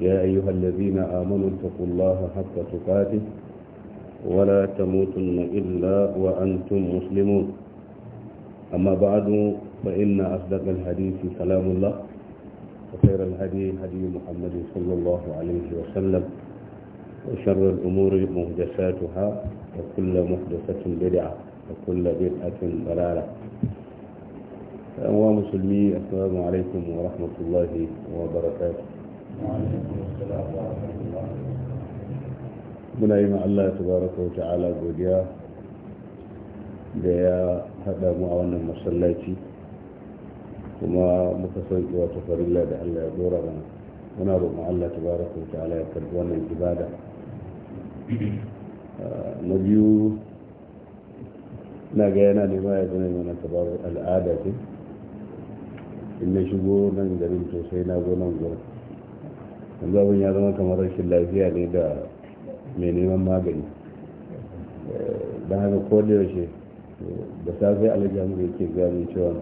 يا أيها الذين آمنوا اتقوا الله حق تقاته ولا تموتن إلا وأنتم مسلمون أما بعد فإن أصدق الحديث كلام الله وخير الهدي هدي محمد صلى الله عليه وسلم وشر الأمور مهدساتها وكل محدثة بدعة وكل بدعة ضلالة أموال مسلمي السلام عليكم ورحمة الله وبركاته muna yi Allah tabaraka wa ta'ala godiya da ya haɗa mu a wannan masallaci kuma muka sauke wata farilla da Allah ya dora mana muna roƙon Allah tabaraka wa ta'ala ya karɓi wannan ibada na biyu na ga yana nema ya zama mana tabar al'ada ce in na shigo nan garin to sai na zo nan gurin yanzu abin ya zama kamar rashin lafiya ne da mai neman magani don haka ko da yaushe da safe alhaji da yake gani cewa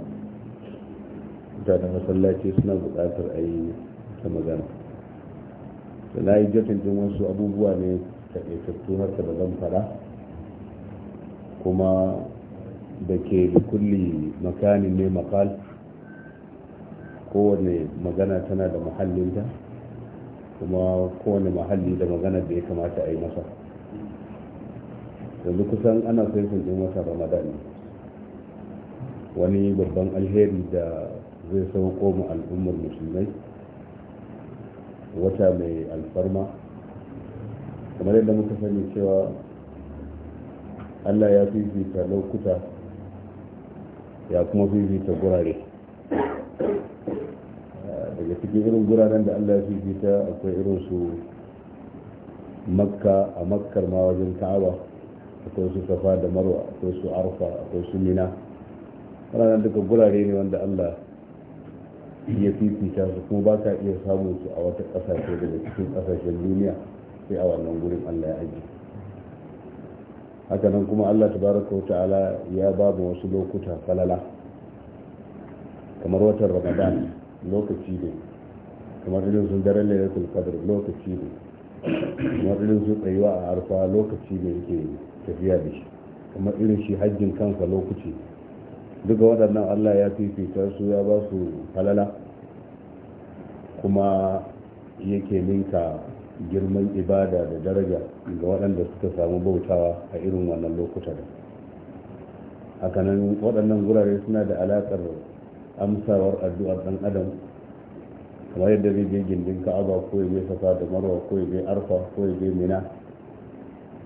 mutanen masallaci suna buƙatar a yi ta magana Da na yi jatin jin wasu abubuwa ne taƙaitattu haka da zan fara kuma da ke da kulli makanin ne makal kowane magana tana da muhallinta kuma kowane mahalli da magana da ya kamata a yi masa yanzu kusan ana saifin din wata ramadan wani babban alheri da zai sauko mu al'ummar musulmai wata mai alfarma kamar yadda muka sani cewa allah ya fifita lokuta ya kuma fifita gurare daga cikin irin guraren da allah ya fifita akwai irin su makka a makkar ma wajen ka'aba akwai su safa da marwa akwai su arfa akwai su mina waɗannan duka gurare ne wanda allah ya fifita su kuma ba ka iya samun su a wata ƙasashe daga cikin ƙasashen duniya sai a wannan gurin allah ya ajiye hakanan kuma allah tabaraka ta'ala ya ba mu wasu lokuta falala kamar watan ramadan lokaci ne kamar irin sun daren lailatul qadr lokaci ne kamar irin su tsayuwa a harfa lokaci ne yake tafiya da shi kamar irin shi hajjin kansa lokaci duka waɗannan Allah ya fifita su ya ba su halala kuma yake ninka girman ibada da daraja ga waɗanda suka samu bautawa a irin wannan lokuta da hakanan waɗannan gurare suna da alaƙar amsawar addu'ar dan adam kamar yadda zai je gindin ka'aba ko ya je safa da marwa ko ya je arfa ko ya je mina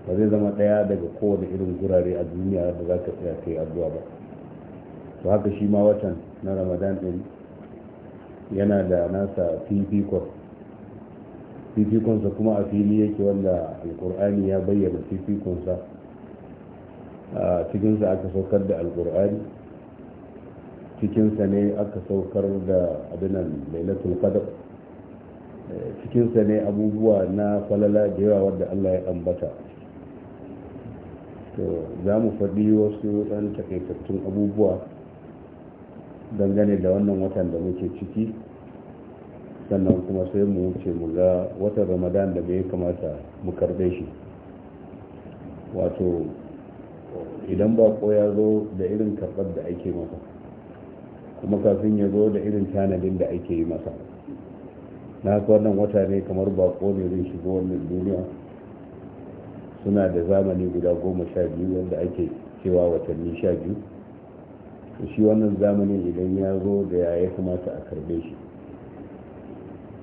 ba zai zama ɗaya daga kowane irin gurare a duniya da za ka tsaya kai addu'a ba to haka shi ma watan na ramadan din yana da nasa fifikon fifikonsa kuma a fili yake wanda alkur'ani ya bayyana fifikonsa a cikinsa aka saukar da alkur'ani cikinsa ne aka saukar da abinan lailatul qadr eh, cikinsa ne abubuwa na falala da yawa wadda Allah ya ambata to za mu faɗi wasu ɗan takaitattun abubuwa dangane da wannan watan da muke ciki sannan kuma sai mu wuce mu ga watan ramadan da bai kamata mu karɓe shi wato idan ba ya zo da irin karɓar da ake masa kuma kafin ya zo da irin tanadin da ake yi masa na haka wannan wata ne kamar bako ne zai shigo wannan duniya suna da zamani guda goma sha biyu wanda ake cewa watanni sha biyu shi wannan zamanin idan ya zo da ya kamata a karbe shi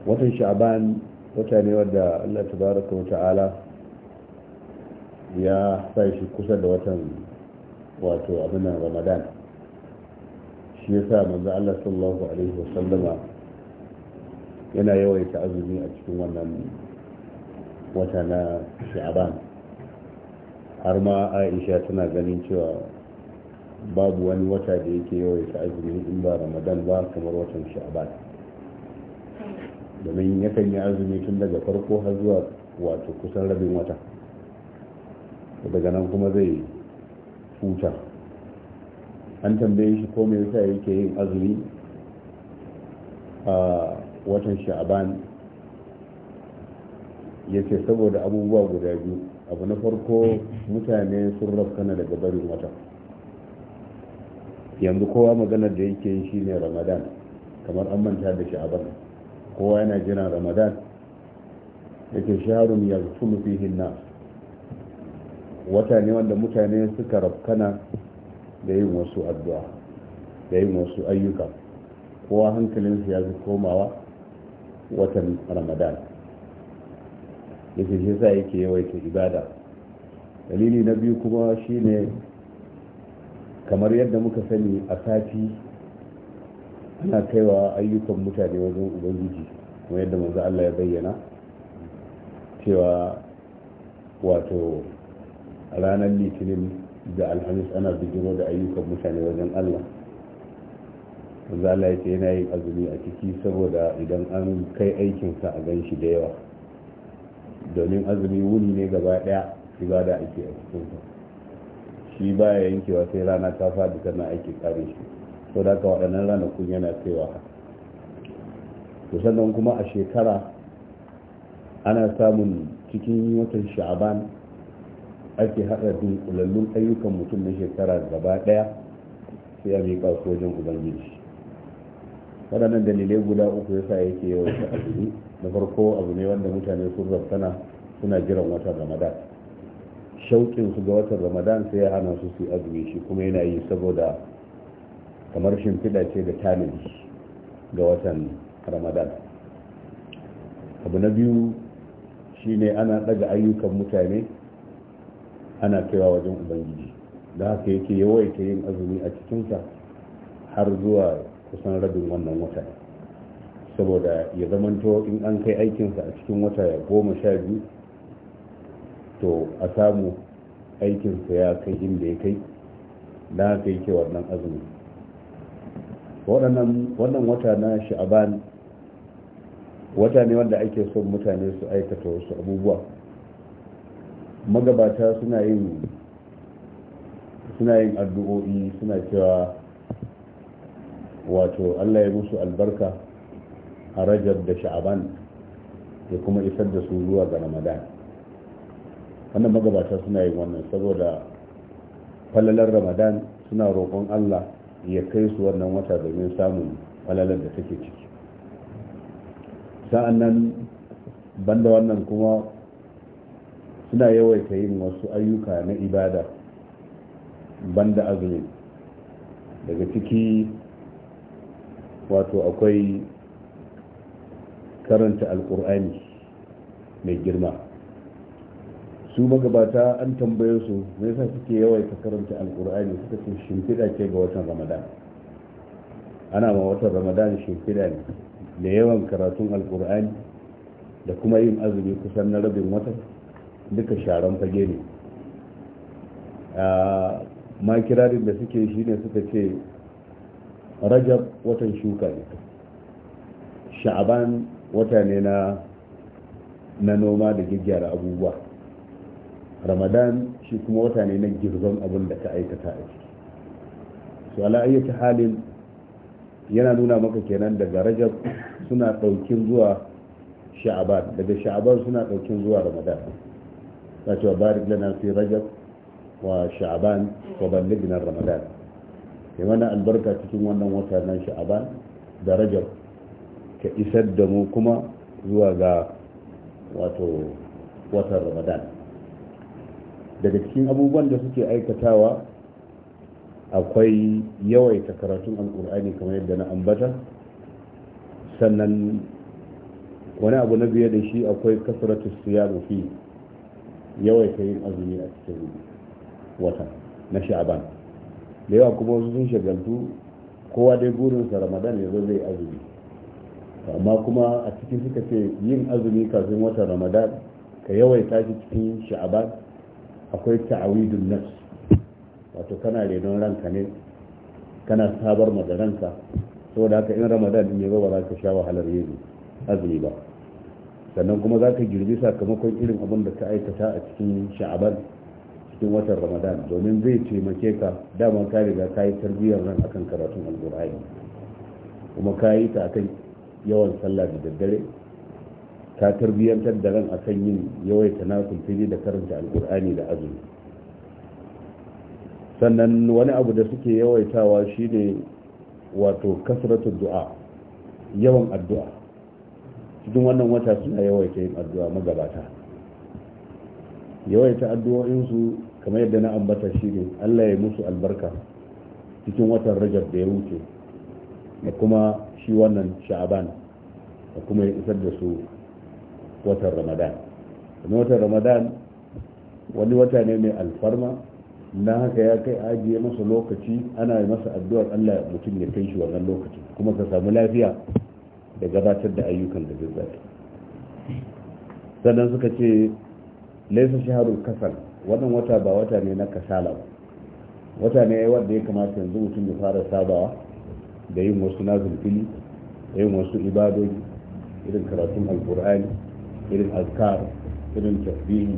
watan sha'ban wata ne wadda allah tabaraka ta'ala ya sa shi kusa da watan wato abinan ramadan shi sa manzo Allah sallallahu alaihi wasallama yana yawaita azumi a cikin wannan wata na sha'aban har ma aisha tana ganin cewa babu wani wata da yake yawaita azumi in ba ramadan ba kamar watan sha'aban domin yakan yi azumi tun daga farko har zuwa wato kusan rabin wata daga nan kuma zai huta an tambaye shi ko me yasa yake yin azumi a watan sha'aban ya ce saboda abubuwa guda biyu abu na farko mutane sun rafkana daga barin wata yanzu kowa maganar da yake yi shine ramadan kamar an manta da sha'ban kowa yana jiran ramadan yake shaharun ya fi nas wata ne wanda mutane suka rafkana da yin wasu addu'a da yin wasu ayyuka kowa hankalinsu ya fi komawa watan ramadan yake shi sa yake yawaita ibada dalili na biyu kuma shine kamar yadda muka sani a sati ana kaiwa ayyukan mutane wajen ubangiji kuma yadda manzo Allah ya bayyana cewa wato ranar litinin da alhamis ana bijiro da ayyukan mutane wajen allah zala ce yana yin azumi a ciki saboda idan an kai aikinsa a gan shi da yawa domin azumi wuni ne gaba daya da ake a cikinsa shi baya yankewa sai rana ta faɗi tana aiki kare shi so da ka waɗannan ranakun yana kaiwa to sannan kuma a shekara ana samun cikin watan sha'aban ake haɗa dunkulallun ayyukan mutum na shekara gaba ɗaya sai ya miƙa su wajen ubangiji waɗannan dalilai guda uku ya sa yake yawan ta azumi na farko abu ne wanda mutane sun rabtana suna jiran watan ramadan shauƙin su ga watan ramadan sai ya hana su su azumi shi kuma yana yi saboda kamar shimfiɗa ce da tanadi ga watan ramadan abu na biyu shine ana ɗaga ayyukan mutane ana kaiwa wajen ubangiji da haka yake yawaita yin azumi a cikinsa har zuwa kusan rabin wannan wata saboda ya zamanto in an kai aikinsa a cikin wata ya goma sha biyu to a samu aikinsa ya kai inda ya kai da haka yake wannan azumi wannan wata na sha'aban wata ne wanda ake son mutane su aikata wasu abubuwa magabata suna yin suna yin addu'o'i suna cewa wato Allah ya musu albarka a rajab da sha'aban ya kuma isar da su zuwa ga ramadan wannan magabata suna yin wannan saboda falalar ramadan suna roƙon Allah ya kai su wannan wata domin samun falalar da take ciki sa'an nan banda wannan kuma suna yawaita yin wasu ayyuka na ibada banda azumi daga ciki wato akwai karanta alkur'ani mai girma su magabata an tambaye su me yasa suke yawaita karanta alkur'ani suka ce shimfiɗa ce ga watan ramadan ana ma watan ramadan shimfiɗa ne da yawan karatun alkur'ani da kuma yin azumi kusan na rabin watan duka sharan fage ne ah, kirarin da suke shi ne suka ce rajab watan shuka ne sha'aban wata ne na na noma da gyaggyara abubuwa ramadan shi kuma wata ne na girzon abin da ka aikata a ciki su ala halin yana nuna maka kenan daga rajab suna ɗaukin zuwa sha'aban daga sha'aban suna ɗaukin zuwa ramadan ta cewa barik lana fi rajab wa sha'ban wa ballighna ramadan kai mana albarka cikin wannan wata na sha'ban da rajab ka isar da mu kuma zuwa ga wato watan ramadan daga cikin abubuwan da suke aikatawa akwai yawaita karatun alkur'ani kamar yadda na ambata sannan wani abu na biye da shi akwai kasratu siyamu fi Yawai ta yin azumi a cikin wata na sha'aban da yawa kuma wasu sun shagaltu kowa dai burinsa ramadan ya zo zai azumi amma kuma a cikin suka ce yin azumi kafin watan ramadan ka yawaita shi cikin sha'aban akwai ta'awidun nafs wato kana renon ranka ne kana sabar ma da ranka saboda haka in ramadan ne ba ba za ka sha wahalar yin azumi ba sannan kuma za ka girbi sakamakon irin abin da ka aikata a cikin sha'aban cikin watan ramadan domin zai taimake ka dama ka riga ka yi tarbiyyar nan akan karatun alkur'ani kuma ka yi ta akan yawan sallah da daddare ka tarbiyyantar da ran akan yin yawaita na kulfili da karanta alkur'ani da azumi sannan wani abu da suke yawaitawa shine wato kasratul du'a yawan addu'a cikin wannan wata suna yawaita yin addu'a magabata yawaita addu'o'insu kamar yadda na ambata shi ne allah ya musu albarka cikin watan rajab da ya wuce da kuma shi wannan sha'aban da kuma ya isar da su watan ramadan kuma watan ramadan wani wata ne mai alfarma na haka ya kai ajiye masa lokaci ana masa addu'ar allah mutum ya kai shi wannan lokaci kuma ka samu lafiya da gabatar da ayyukan da zai sannan suka ce laifin shaharul kasal wannan wata ba wata ne na kasala ba wata ne wadda ya kamata yanzu mutum ya fara sabawa da yin wasu nazulfili da yin wasu ibadoji irin karatun alkur'ani irin azkar irin tasbihi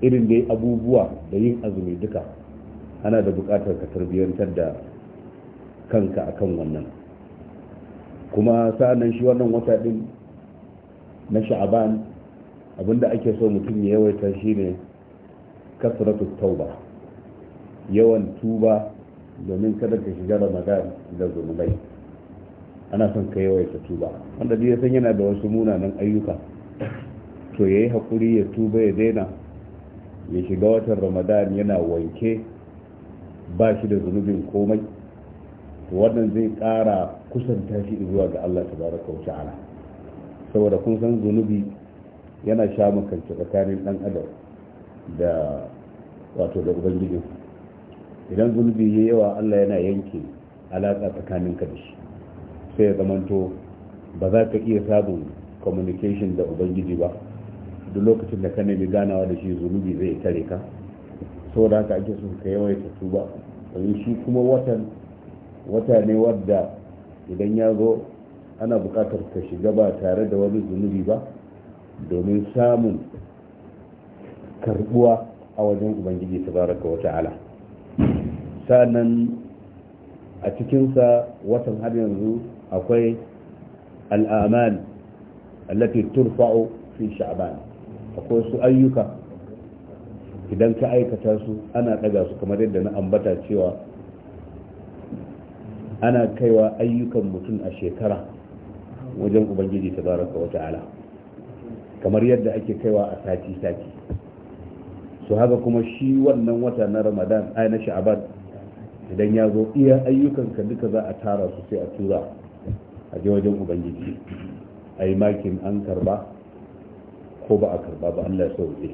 irin dai abubuwa da yin azumi duka ana da bukatar ka tarbiyyantar da kanka akan wannan kuma sa'annan shi wannan wata din na sha'aban abinda ake so mutum ya yawaita shi ne kasratu tauba yawan tuba domin kada ka shiga ramadan da zunubai ana son ka yawaita tuba wanda ya san yana da wasu munanan ayyuka to yayi hakuri ya tuba ya daina ya shiga watan ramadan yana wanke ba shi da zunubin komai to wannan zai ƙara kusanta shi zuwa ga Allah ta baraka wa ta'ala saboda kun san zunubi yana sha makance tsakanin dan adam da wato da ubangiji idan zunubi yayi yawa Allah yana yanke alaka tsakanin da shi sai ya zamanto ba za ka iya samun communication da ubangiji ba duk lokacin da ka nemi ganawa da shi zunubi zai tare ka saboda haka ake so ka yawaita Ba domin shi kuma watan wata ne wadda idan ya zo ana buƙatar ka shiga ba tare da wani zunubi ba domin samun karbuwa a wajen ubangiji ta baraka wa ta'ala sa'annan a cikinsa watan har yanzu akwai al'amal allati turfa'u fi sha'ban akwai su ayyuka idan ka aikata su ana ɗaga su kamar yadda na ambata cewa ana kaiwa ayyukan mutum a shekara wajen ubangiji ta baraka wa ta'ala kamar yadda ake kaiwa a sati-sati su haka kuma shi wannan wata na ramadan ai na sha'aban idan ya zo iya ayyukan ka duka za a tara su sai a tura a je wajen ubangiji a yi makin an karba ko ba a karba ba allah ya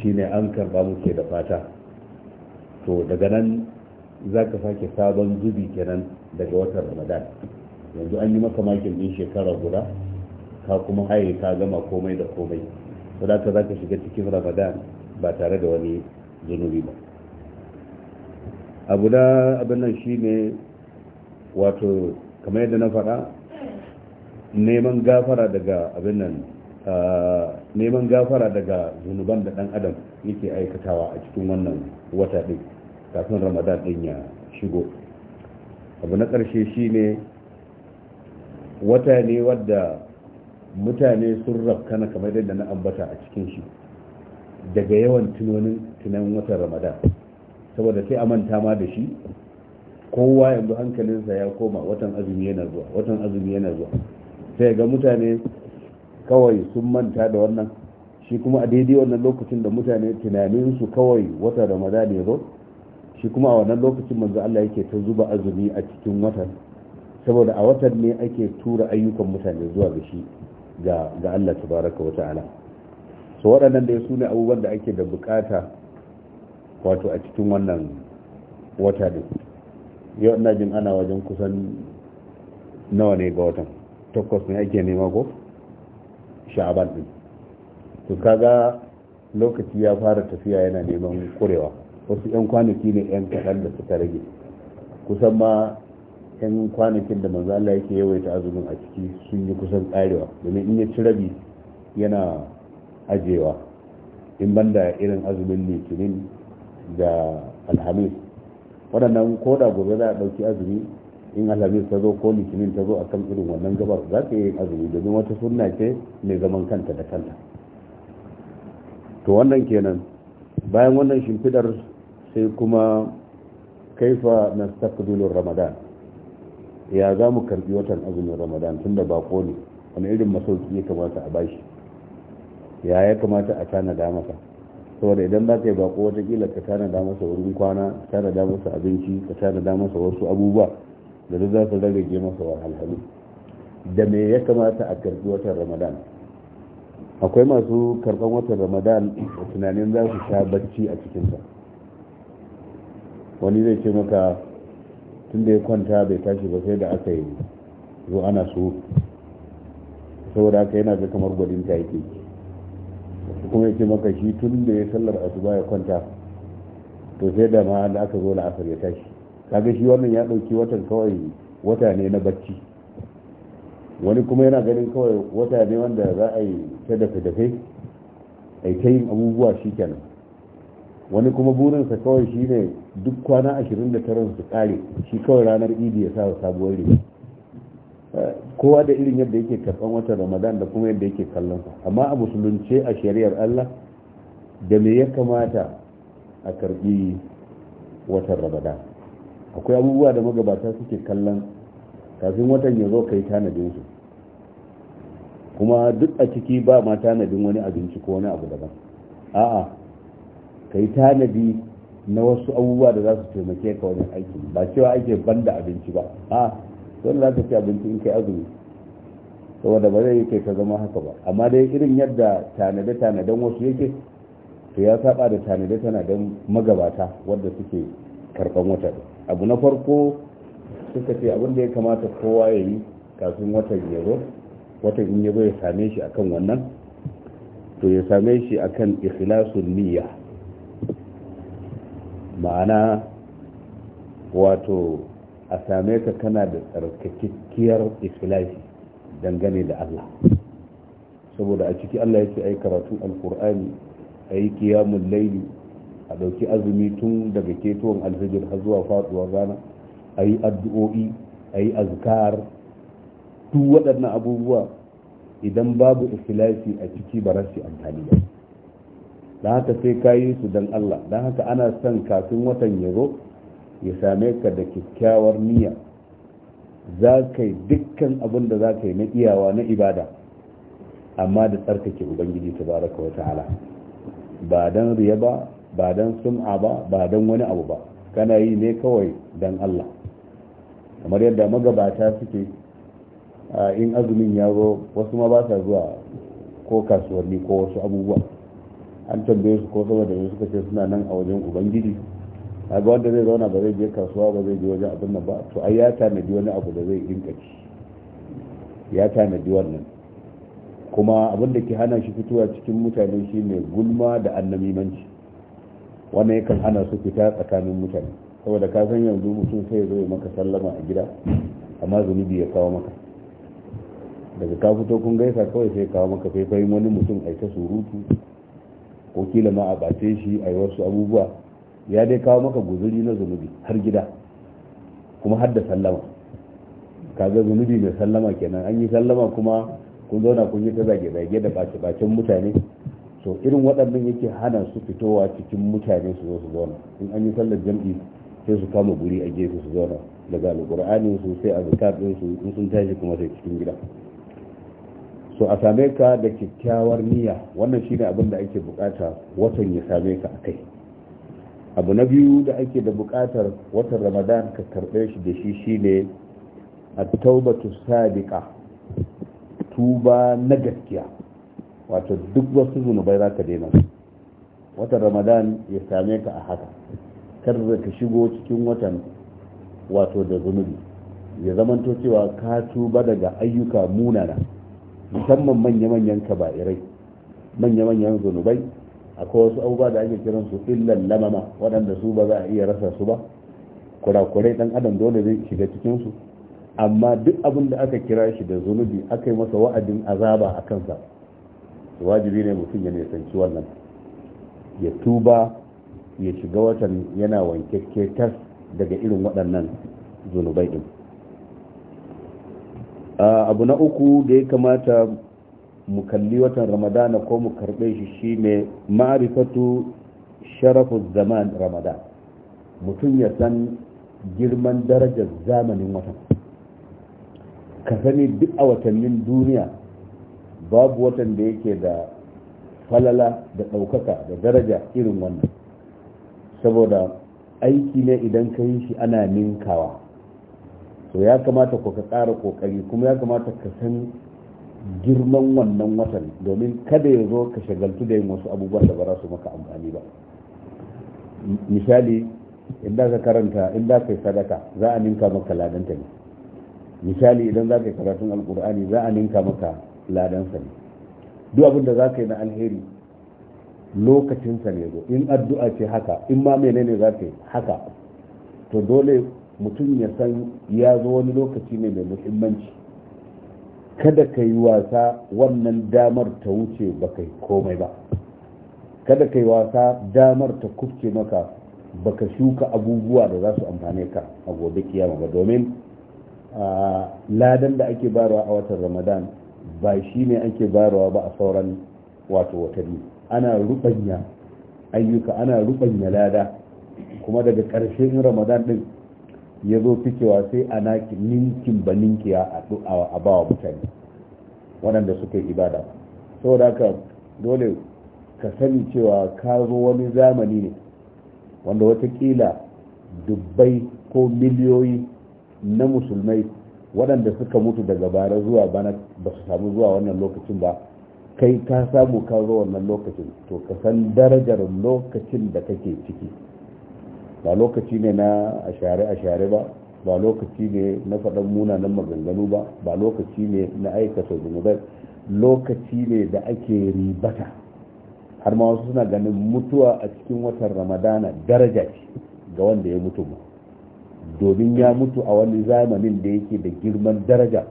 shi ne an karba muke da fata to daga nan za ka sake sabon zubi kenan daga watan ramadan yanzu an yi maka makin din shekara guda ka kuma haye ka gama komai da komai saboda za ka shiga cikin ramadan ba tare da wani zunubi ba abu da abin nan shi ne wato kamar yadda na faɗa neman gafara daga abin nan neman gafara daga zunuban da ɗan adam yake aikatawa a cikin wannan wata ɗin kafin ramadan din ya shigo abu na ƙarshe shine wata ne wadda mutane sun rafkana kamar yadda na ambata a cikin shi daga yawan tunanin tunan watan ramadan saboda sai a manta ma da shi kowa yanzu hankalinsa ya koma watan azumi yana zuwa watan azumi yana zuwa sai ga mutane kawai sun manta da wannan shi kuma a daidai wannan lokacin da mutane tunaninsu kawai wata ramadan ya zo shi kuma a wannan lokacin manzo Allah yake ta zuba azumi a cikin watan saboda a watan ne ake tura ayyukan mutane zuwa ga shi ga ga Allah tabaraka wa ta'ala so waɗannan da su ne abubuwan da ake da bukata wato a cikin wannan wata din yau ina jin ana wajen kusan nawa ne ga watan takwas ne ake nema ko sha'aban din to kaga lokaci ya fara tafiya yana neman kurewa wasu 'yan kwanaki ne 'yan kaɗan da suka rage kusan ma 'yan kwanakin da manzo Allah yake yawaita azumin a ciki sun yi kusan karewa domin in ya ci rabi yana ajewa in banda irin azumin litinin da alhamis waɗannan ko da gobe za a ɗauki azumi in alhamis ta zo ko litinin ta zo a kan irin wannan gabar za ka yi azumi domin wata sunna ce mai zaman kanta da kanta to wannan kenan bayan wannan shimfidar sai kuma kaifa na stakdulun ramadan ya za mu karbi watan azumin ramadan tun da bako ne wani irin masauki ya kamata a bashi ya ya kamata a tanada masa saboda idan za ka yi bako watakila ka tanada masa wurin kwana ka tanada masa abinci ka tanada masa wasu abubuwa da duk za su rarrage masa wahalhalu da me ya kamata a karbi watan ramadan akwai masu karban watan ramadan tunanin za su sha bacci a cikinsa wani zai ce maka tun da ya kwanta bai tashi ba sai da aka yi zo ana so saboda aka yana ga kamar gwadin ta yake kuma ya ce maka shi tun da ya sallar asuba ya kwanta to sai da ma da aka zo la'asar ya tashi kaga shi wannan ya ɗauki watan kawai wata ne na bacci wani kuma yana ganin kawai wata ne wanda za a yi ta dafe-dafe a yi ta yin abubuwa shi kenan wani kuma burinsa kawai shi ne duk kwana ashirin da taron su kare shi kawai ranar idi ya sa sabuwar riga kowa da irin yadda yake karɓar watan ramadan da kuma yadda yake kallon sa amma a musulunce a shari'ar allah da me ya kamata a karɓi watan ramadan akwai abubuwa da magabata suke kallon kafin watan ya zo kai tanadin su kuma duk a ciki ba ma tanadin wani abinci ko wani abu daban a'a ka yi tanadi na wasu abubuwa da za su taimake ka wajen aiki ba cewa ake ban da abinci ba a don za ka ci abinci in kai azumi saboda ba zai yi kai ka zama haka ba amma dai irin yadda tanade tanadan wasu yake to ya saba da tanade tanadan magabata wadda suke karban wata abu na farko suka ce abin da ya kamata kowa ya yi kafin watan ya zo watan in ya zo ya same shi akan wannan to ya same shi akan ikhlasun niyya ma'ana wato a same ka kana da tsarkakakkiyar islahi dangane da Allah saboda a ciki Allah yake ai karatu alkur'ani ai qiyamul layli a ɗauki azumi tun daga ketowar alfijir har zuwa faɗuwar rana ai addu'o'i ai azkar duk waɗannan abubuwa idan babu ikhlasi a ciki ba amfani ba da haka sai ka yi su don Allah don haka ana son kafin watan ya zo ya same ka da kyakkyawar niyya za ka yi dukkan abin da za ka yi na iyawa na ibada amma da tsarkake ubangiji ta baraka wa ta'ala ba don riya ba ba don sum'a ba ba don wani abu ba kana yi ne kawai don Allah kamar yadda magabata suke in azumin ya zo wasu ma ba sa zuwa ko kasuwanni ko wasu abubuwa an tambaye su ko saboda ne suka ce suna nan a wajen ubangiji a ga wanda zai zauna ba zai je kasuwa ba zai je wajen abin nan ba to ai ya tanadi wani abu da zai rinka ci ya tanadi wannan kuma abin da ke hana shi fitowa cikin mutane shi ne gulma da annamimanci wannan kan hana su fita tsakanin mutane saboda ka san yanzu mutum sai zo maka sallama a gida amma zunubi ya kawo maka daga ka fito kun gaisa kawai sai kawo maka faifayin wani mutum aika surutu ko kila ma a bace shi a yi wasu abubuwa ya dai kawo maka guzuri na zunubi har gida kuma har da sallama kaga zunubi mai sallama kenan an yi sallama kuma kun zauna kun yi ta zage-zage da bace-bacen mutane so irin waɗannan yake hana su fitowa cikin mutane su zo su zauna in an yi sallar jam'i sai su kama guri a gefe su zauna daga alƙur'ani sosai a zakar ɗinsu in sun tashi kuma sai cikin gida so a same ka da kyakkyawar niyya wannan shine abin da ake bukata watan ya same ka akai abu na biyu da ake da bukatar watan ramadan ka karbe shi da shi shine a taubatu sadiqa tuba na gaskiya wato duk wasu zunubai za ka daina watan ramadan ya same ka a haka kar ka shigo cikin watan wato da zunubi ya zamanto cewa ka tuba daga ayyuka munana musamman manya-manyan kaba'irai manya-manyan zunubai akwai wasu abubuwa da ake kiran su illan lamama waɗanda su ba za a iya rasa su ba kurakurai ɗan adam dole zai shiga cikin su amma duk abin da aka kira shi da zunubi aka yi masa wa'adin azaba a kansa wajibi ne mutum ya nisanci wannan ya tuba ya shiga watan yana wanke tas daga irin waɗannan zunubai ɗin abu na uku da ya kamata mu kalli watan ramadana ko mu karbe shi shi ne maarifatu sharafu zaman ramadan mutum ya san girman darajar zamanin watan ka sani duk a watannin duniya babu watan da yake da falala da ɗaukaka da daraja irin wannan saboda aiki ne idan ka yi shi ana ninkawa to ya kamata ku ka ƙara ƙoƙari kuma ya kamata ka san girman wannan watan domin kada ya zo ka shagaltu da yin wasu abubuwan da ba za su maka amfani ba misali idan ka karanta inda ka yi sadaka za a ninka maka ladanta ne misali idan za ka yi karatun alkur'ani za a ninka maka ladansa ne duk abin da za ka yi na alheri lokacinsa ne zo in addu'a ce haka in ma menene za ka yi haka to dole mutum ya san ya zo wani lokaci ne mai muhimmanci kada ka yi wasa wannan damar ta wuce ba kai komai ba kada ka yi wasa damar ta kufce maka baka shuka abubuwa da za su amfane ka a gobe kiyama ba domin ladan da ake barawa a watan ramadan ba shi ne ake barawa ba a sauran wato watanni ana rubanya ayyuka ana rubanya lada kuma daga ƙarshen ramadan din ya zo fikewa sai a ninkin ba ninkiya a bawa mutane waɗanda suka yi ibada saboda haka dole ka sani cewa ka zo wani zamani ne wanda watakila dubbai ko miliyoyi na musulmai waɗanda suka mutu daga bara zuwa bana ba su samu zuwa wannan lokacin ba kai ka samu ka zo wannan lokacin to ka san darajar lokacin da kake ciki ba lokaci ne na a share ba ba lokaci ne na faɗan munanan maganganu ba ba lokaci ne na aikata zunubai lokaci ne da ake ribata har ma wasu suna ganin mutuwa a cikin watan ramadana daraja ce ga wanda ya mutu ba domin ya mutu a wani zamanin da yake da girman daraja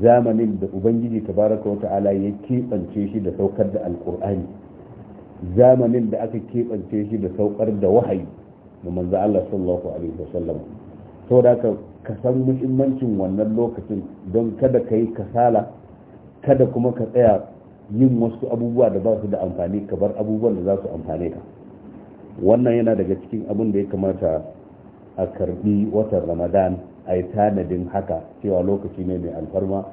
zamanin da ubangiji tabaraka wa ala ya keɓance shi da saukar da alkur'ani zamanin da aka keɓance shi da saukar da wahayi mu manzo Allah sallallahu alaihi wasallam saboda haka ka san muhimmancin wannan lokacin don kada ka yi kasala kada kuma ka tsaya yin wasu abubuwa da ba su da amfani ka bar abubuwan da za su amfane ka wannan yana daga cikin abin da ya kamata a karbi watan ramadan a yi tanadin haka cewa lokaci ne mai alfarma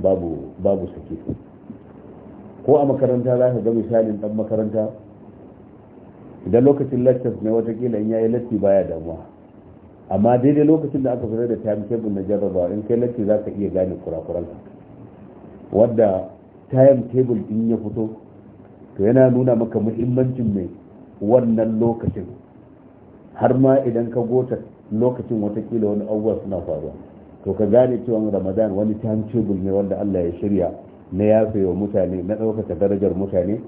babu babu sake ko a makaranta za ka ga misalin dan makaranta idan lokacin lectures ne watakila in yayi latti baya damuwa amma daidai lokacin da aka fitar da table na jarrabawa in kai latti za ka iya gane wanda wadda table din ya fito to yana nuna maka muhimmancin mai wannan lokacin har ma idan ka gota lokacin watakila wani abubuwa suna faruwa to ka gane cewa ramadan wani time table ne wanda allah ya shirya na yafe wa mutane na ɗaukaka darajar mutane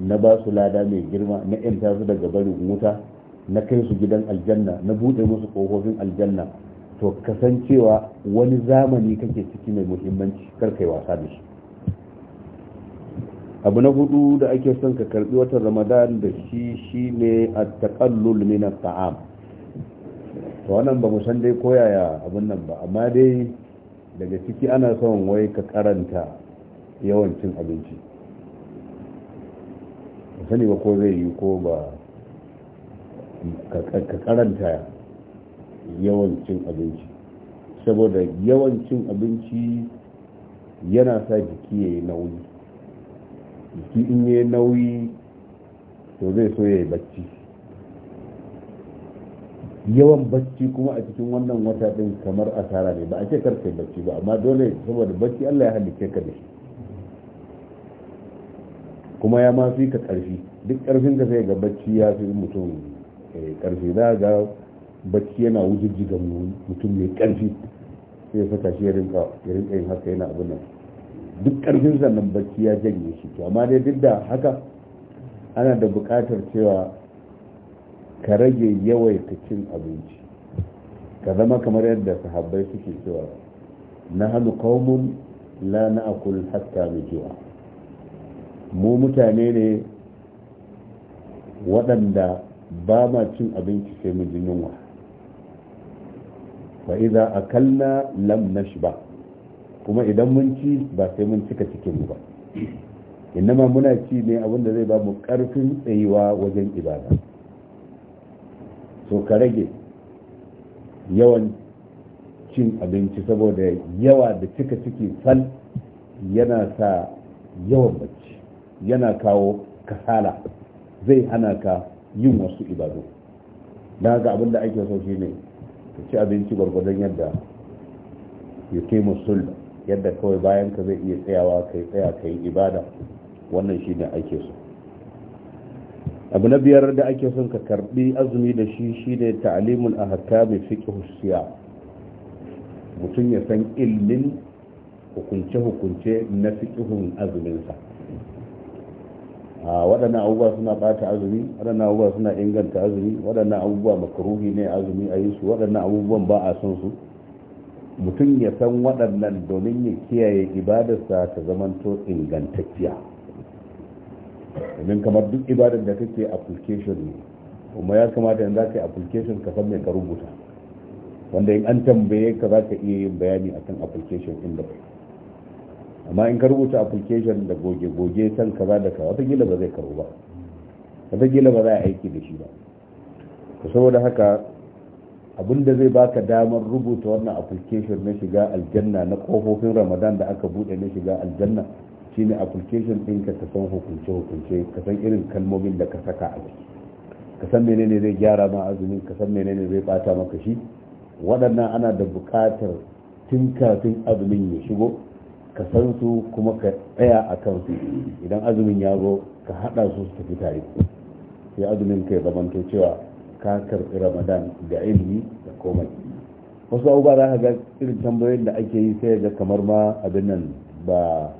na ba su lada mai girma na yanta tasu daga barin wuta na kai su gidan aljanna na buɗe musu kofofin aljanna to kasancewa wani zamani kake ciki mai muhimmanci kar kai wasa da shi abu na hudu da ake son ka karbi watan ramadan da shi shine at-taqallul min taam to wannan ba mu san dai koyaya abun nan ba amma dai daga ciki ana son wai ka karanta yawan cin abinci sani ba ko zai yi ko ba ka karanta yawancin abinci saboda yawancin abinci yana sa jiki ya yi nauyi jiki in yi nauyi to zai so ya yi bacci yawan bacci kuma a cikin wannan wata din kamar asara ne ba a ce karfe bacci ba amma dole saboda bacci allah ya halice ka da shi kuma ya ma fi ka ƙarfi duk ƙarfin ka sai ga bacci ya fi mutum eh, ƙarfi za ga bacci yana ga mutum mai ƙarfi sai ya saka shi ya rinka yin haka yana abin nan duk ƙarfin sannan bacci ya janye shi to amma dai duk da haka ana da buƙatar cewa ka rage yawaita cin abinci ka zama kamar yadda sahabbai suke cewa na hannu kaumun la na akul hatta mai jiwa mu mutane ne waɗanda ba ma cin abinci sai mu jin yunwa fa idza akalna lam ba kuma idan mun ci ba sai mun cika cikin ba ba ma muna ci ne abinda zai ba mu karfin tsayuwa wajen ibada so ka rage yawan cin abinci saboda yawa da cika ciki fal yana sa yawan bacci yana kawo kasala zai hana ka yin wasu ibadu da ga abin da ake so shine ka ci abinci gwargwadon yadda ya kai musul yadda kawai bayan ka zai iya tsayawa ka yi tsaya ka yi ibada wannan shi ne ake so abu na biyar da ake son ka karbi azumi da shi shi ne ta'alimul mai fiƙi husiya mutum ya san ilmin hukunce-hukunce na fiƙihun azuminsa a waɗannan abubuwa suna ɓata azumi waɗannan abubuwa suna inganta azumi waɗannan abubuwa makaruhi ne azumi a yi su waɗannan abubuwan ba a son su mutum ya san waɗannan domin ya kiyaye ibadarsa ta zamanto ingantacciya domin kamar duk ibadar da kake application ne kuma ya kamata yanzu za ka yi application ka san mai ka rubuta wanda in an tambaye ka za ka iya yin bayani akan application inda kai amma in ka rubuta application da goge-goge kan kaza da kaza watakila ba zai karo ba watakila ba za a aiki da shi ba to saboda haka abinda zai baka damar rubuta wannan application na shiga aljanna na kofofin ramadan da aka bude na shiga aljanna shine application din ka ta san hukunce-hukunce ka san irin kalmomin da ka saka a ciki ka san menene zai gyara ma azumin ka san menene zai bata maka shi waɗannan ana da buƙatar tun kafin azumin ya shigo ka san su kuma ka tsaya a kan su idan azumin ya zo ka haɗa su su tafi tare sai azumin ka ya zamanto cewa ka karɓi ramadan da ilimi da komai wasu abubuwa za ka ga irin tambayoyin da ake yi sai ga kamar ma abin nan ba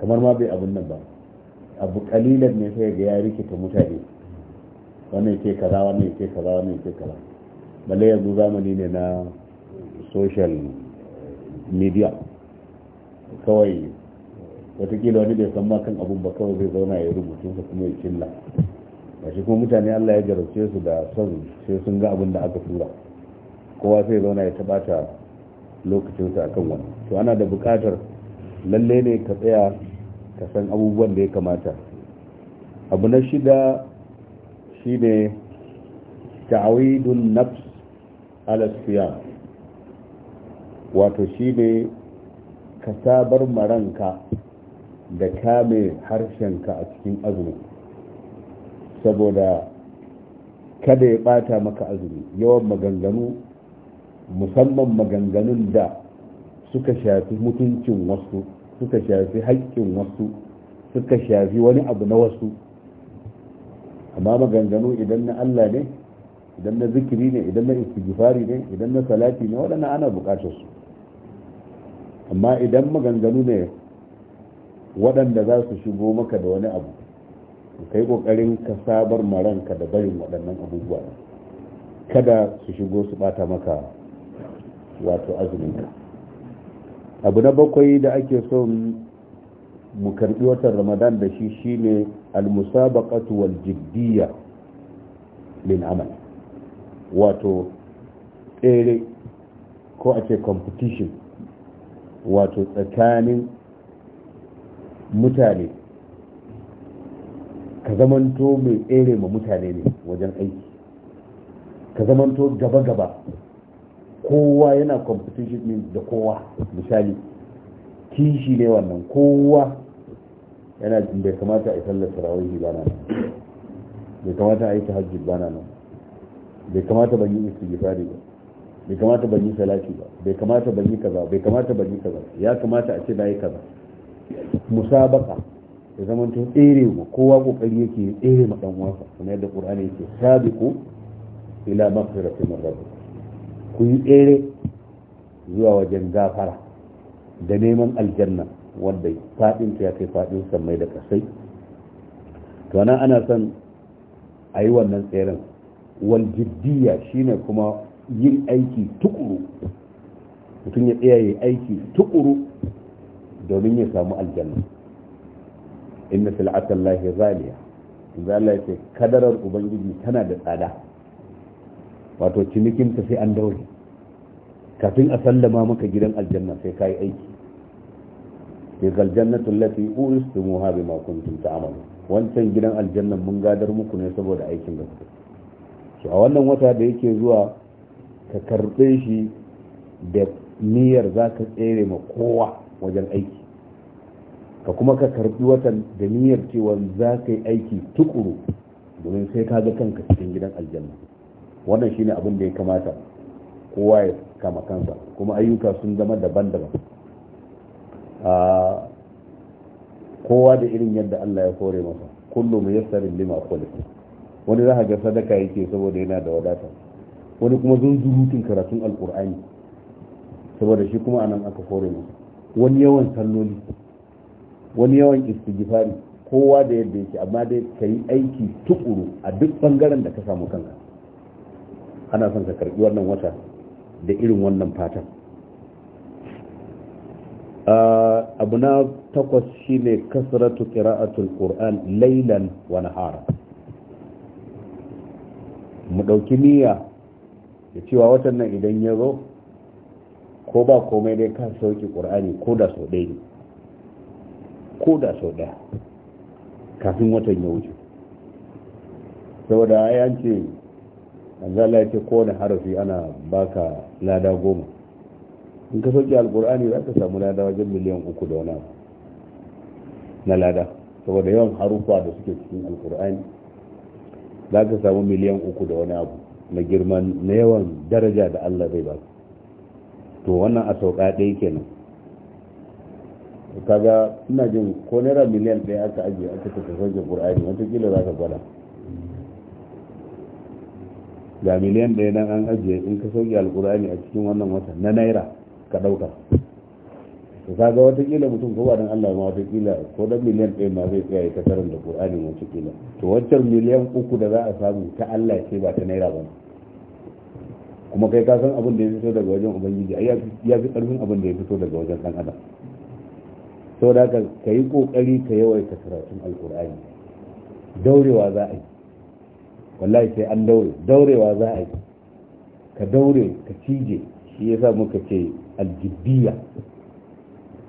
kamar ma bai abin nan ba abu kalilan ne sai ga ya rikita mutane wannan ke kaza wannan ke kaza wannan ke kaza balle yanzu zamani ne na social media kawai watakila wani bai san kan abun ba kawai zai zauna ya rubutu su kuma ya killa ba shi kuma mutane Allah ya jarabce su da son sai sun ga abin da aka tura kowa sai zauna ya tabata lokacinsa akan wani to ana da bukatar lalle ne ka tsaya ka san abubuwan da ya kamata abu na shida shine ta'awidun nafs ala siyam wato shine ka sabar maranka da kame harshenka a cikin azumi saboda kada ya bata maka azumi yawan maganganu musamman maganganun da suka shafi mutuncin wasu suka shafi haƙƙin wasu suka shafi wani abu na wasu amma maganganu idan na Allah ne idan na zikiri ne idan na istighfari ne idan na salati ne waɗannan ana buƙatar su amma idan maganganu ne waɗanda za su shigo maka da wani abu ka yi ƙoƙarin ka sabar maranka da barin waɗannan abubuwa kada su shigo su ɓata maka wato azuminka abu na bakwai da ake son mu karɓi watan ramadan da shi shine almusabaqatu wal jiddiya min amal wato tsere ko a ce competition wato tsakanin mutane ka zamanto mai tsere ma mutane ne wajen aiki ka zamanto gaba-gaba kowa yana competition ne da kowa misali kishi ne wannan kowa yana bai kamata a isar da tarawih ba nan bai kamata a yi hajji ba nan bai kamata ban yi istighfari ba bai kamata ban yi salati ba bai kamata ban yi kaza bai kamata ban yi kaza ya kamata a ce na yi kaza musabaka ya zama tun tsere ma kowa kokari yake tsere ma dan wasa kamar yadda qur'ani yake sabiqu ila maghfiratin min rabbikum ku yi tsere zuwa wajen gafara da neman aljanna wanda fadin ya kai fadin sammai da kasai to ana, ana son a yi wannan tseren wal jiddiya shine kuma yin aiki tukuru mutum ya tsaya yin aiki tukuru domin ya samu aljanna inna sil'atan lahi zaliya za Allah ya ce kadarar ubangiji tana da tsada wato cinikin ta sai an daure kafin a sallama maka gidan aljanna sai kai aiki tilkal jannatu allati uristumuha bima kuntum ta'malu wancan gidan aljanna mun gadar muku ne saboda aikin da so a wannan wata da yake zuwa ka karɓe shi da niyyar za ka tsere ma kowa wajen aiki ka kuma ka karɓi watan da niyyar cewa za ka yi aiki tukuru domin sai ka ga kanka cikin gidan aljanna wannan shine abin da ya kamata kowa ya kama kansa kuma ayyuka sun zama daban-daban kowa da irin yadda Allah ya kore masa kullum yassarin lima khuliq wani za ka ga sadaka yake saboda yana da wadata wani kuma zan zurutun karatun alkur'ani saboda shi kuma anan aka kore mu wani yawan salloli wani yawan istighfari kowa da yadda yake amma dai ka yi aiki tukuru a duk bangaren da ka samu kanka ana son ka karbi wannan wata da irin wannan fatan abu na takwas shi shine kasratu qira'atul qur'an laylan wa nahara mu ɗauki niyya da cewa watan nan idan ya zo ko ba komai dai kan sauki ƙur'ani ko da sau ɗaya ne ko da sau ɗaya kafin watan ya wuce saboda ya ce zala ya ce kowane harafi ana baka lada goma in ka sauki alƙur'ani za ka samu lada wajen miliyan uku da wani na lada saboda yawan harufa da suke cikin alƙur'ani za ka samu miliyan uku da wani abu na girman na yawan daraja da Allah zai ba to wannan a sauka ɗaya kenan kaga ina jin ko naira miliyan ɗaya aka ajiye aka tafi sauke ƙur'ani kila za ka gwada ga miliyan ɗaya nan an ajiye in ka sauke alƙur'ani a cikin wannan wata na naira ka ɗauka to kaga watakila mutum ko ba dan Allah ma watakila ko dan miliyan ɗaya ma zai tsaya ta karin da Qur'ani kila to wancan miliyan uku da za a samu ta Allah ce ba ta naira ba kuma kai ka san abin da ya fito daga wajen ubangiji ai ya fi karfin abin da ya fito daga wajen dan adam to haka ka yi kokari ka yawaita karatun alqur'ani daurewa za a yi wallahi sai an daure daurewa za a yi ka daure ka cije shi yasa muka ce aljibbiya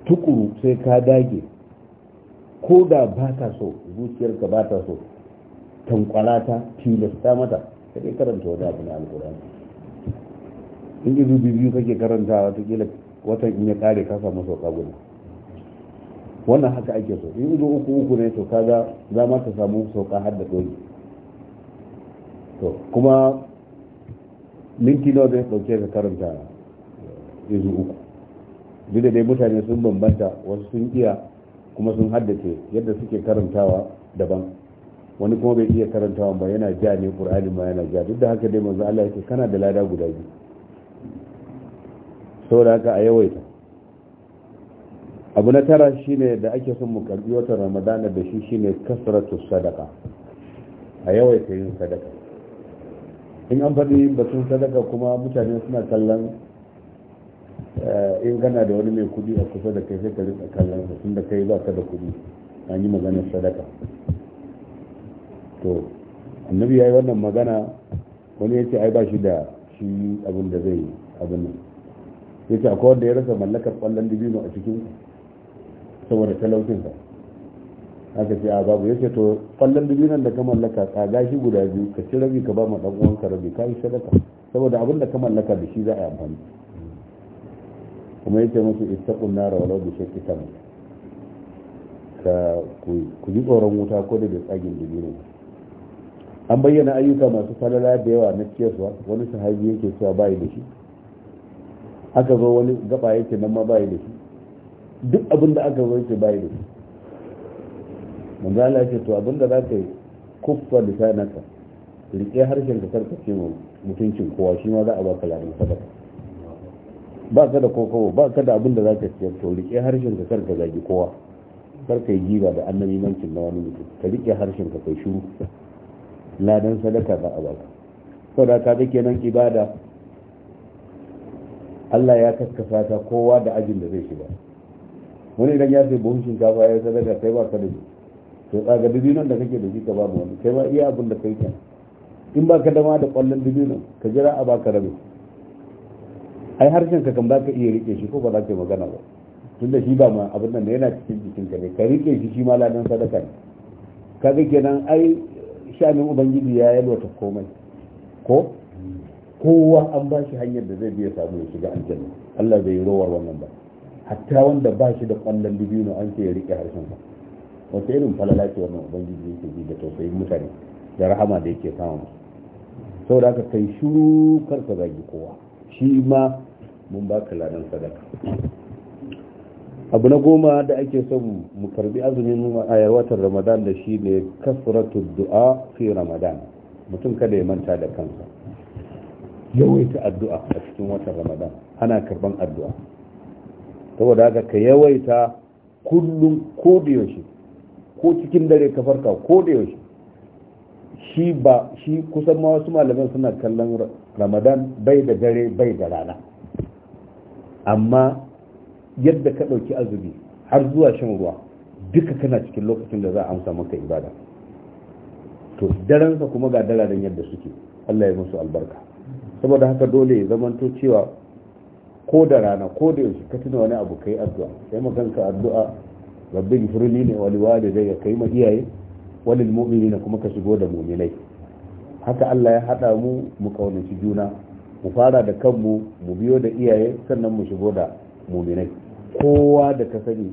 tukuru sai ka dage ko da ba ta so zuciyarka ba ta so tankwara ta tilasta mata ka ke karanta wata abu na alkurani in izu biyu ka ke karanta kila watan in ya kare ka samu sauka guda wannan haka ake so in izu uku uku ne to ga za ma ka samu sauka har da ɗoyi to kuma minti nawa zai dauke ka karanta izu uku duk da dai mutane sun bambanta wasu sun iya kuma sun haddace yadda suke karantawa daban wani kuma bai iya karantawa ba yana ja ne qur'ani ma yana ja duk da haka dai manzo Allah yake kana da lada guda biyu saboda haka a yawaita abu na tara shine da ake son mu karbi watan ramadana da shi shine kasratu sadaka a yawaita yin sadaka in an faɗi batun sadaka kuma mutane suna kallon Eh, in gana da wani mai kudi a kusa da kai sai ka rinka kallon sa tunda kai ba ka da kudi an yi maganar sadaka to annabi yayi wannan magana wani yace ai ba shi da shi abin da zai abin nan yace akwai wanda ya rasa mallakar kwallon dibino a cikin saboda talaucin sa aka ce a babu yace to kwallon dibinon da ka mallaka tsaga shi guda biyu ka ci rabi ka ba ma dan uwanka rabi ka yi sadaka saboda abin da ka mallaka da shi za a yi amfani kuma yake musu ittaqun nar walau bi shakki tamr ka ku ji tsoron wuta ko da tsagin ne. an bayyana ayyuka masu falala da yawa na ciyarwa wani sahabi yake cewa bayi da shi aka zo wani gaba yake nan ma bayi da shi duk abin da aka zo yake bayi da shi manzo Allah yake to abin da zaka yi kuffa sanaka rike harshen ka karkace mutuncin kowa shi ma za a baka ladan sadaka ba ka da kokowa ba ka da abin da za ka siyar to riƙe harshen ka karka zagi kowa karka yi giba da annabi mancin na wani mutum ka riƙe harshen ka kai shiru ladan sadaka za a baka saboda ka ga kenan ibada Allah ya kaskasa ta kowa da ajin da zai shiga wani idan ya sai buhun shinkafa ya sadaka kai ba ka da to tsaga nan da kake da shi ka ba mu wani kai ba iya abin da kai kenan in ba ka dama da kwallon nan ka jira a baka rabin ai harshen ka kan baka iya rike shi ko ba za ka yi magana ba tunda shi ba ma abin nan yana cikin jikin ka ne ka rike shi shi ma ladan sadaka ne kaga kenan ai shanin ubangiji ya yalwata komai ko kowa an ba shi hanyar da zai biya samu ya shiga aljanna Allah bai rowar wannan ba hatta wanda ba shi da kwallon dubino an ce ya rike harshen ka wata irin falala ce wannan ubangiji yake ji da tausayi mutane da rahama da yake samu saboda haka kai shuru karka zagi kowa shi ma mun ba ka ladan sadaka abu na goma da ake son mu karbi azumin ayar watan ramadan da shi ne kasratu du'a fi ramadan mutum kada ya manta da kansa yawaita addu'a a cikin watan ramadan ana karban addu'a saboda haka ka yawaita kullum ko da yaushe ko cikin dare ka farka ko da yaushe shi ba shi kusan ma wasu malaman suna kallon ramadan bai da dare bai da rana amma yadda ka ɗauki azumi har zuwa shan ruwa duka kana cikin lokacin da za a amsa maka ibada to daransa kuma ga dararen yadda suke Allah ya musu albarka saboda haka dole ya zamanto cewa ko da rana ko da yaushe ka tuna wani abu kai addu'a sai makanka addu'a rabbi gifirli ne wali zai ga kai ma iyaye walil mu'minina kuma ka shigo da mu'minai haka Allah ya haɗa mu mu kaunaci juna mu fara da kanmu mu biyo da iyaye sannan mu shigo da muminai kowa da ka sani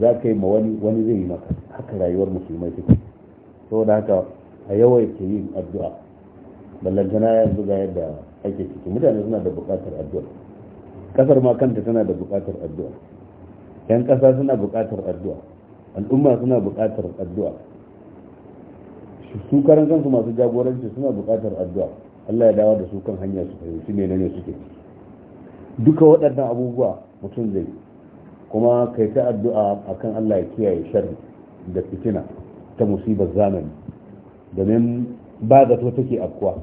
za ka yi ma wani wani zai yi maka haka rayuwar musulmai take saboda haka a ke yin addu'a ballantana yanzu ga yadda ake ciki mutane suna da buƙatar addu'a kasar ma kanta tana da buƙatar addu'a yan ƙasa suna buƙatar addu'a al'umma suna buƙatar addu'a su karan kansu masu jagoranci suna buƙatar addu'a Allah ya dawo da su kan hanya su fahimci ne ne suke duka waɗannan abubuwa mutum zai kuma kai ta addu'a akan Allah ya kiyaye sharri da fitina ta musibar zamani domin ba zato take akwa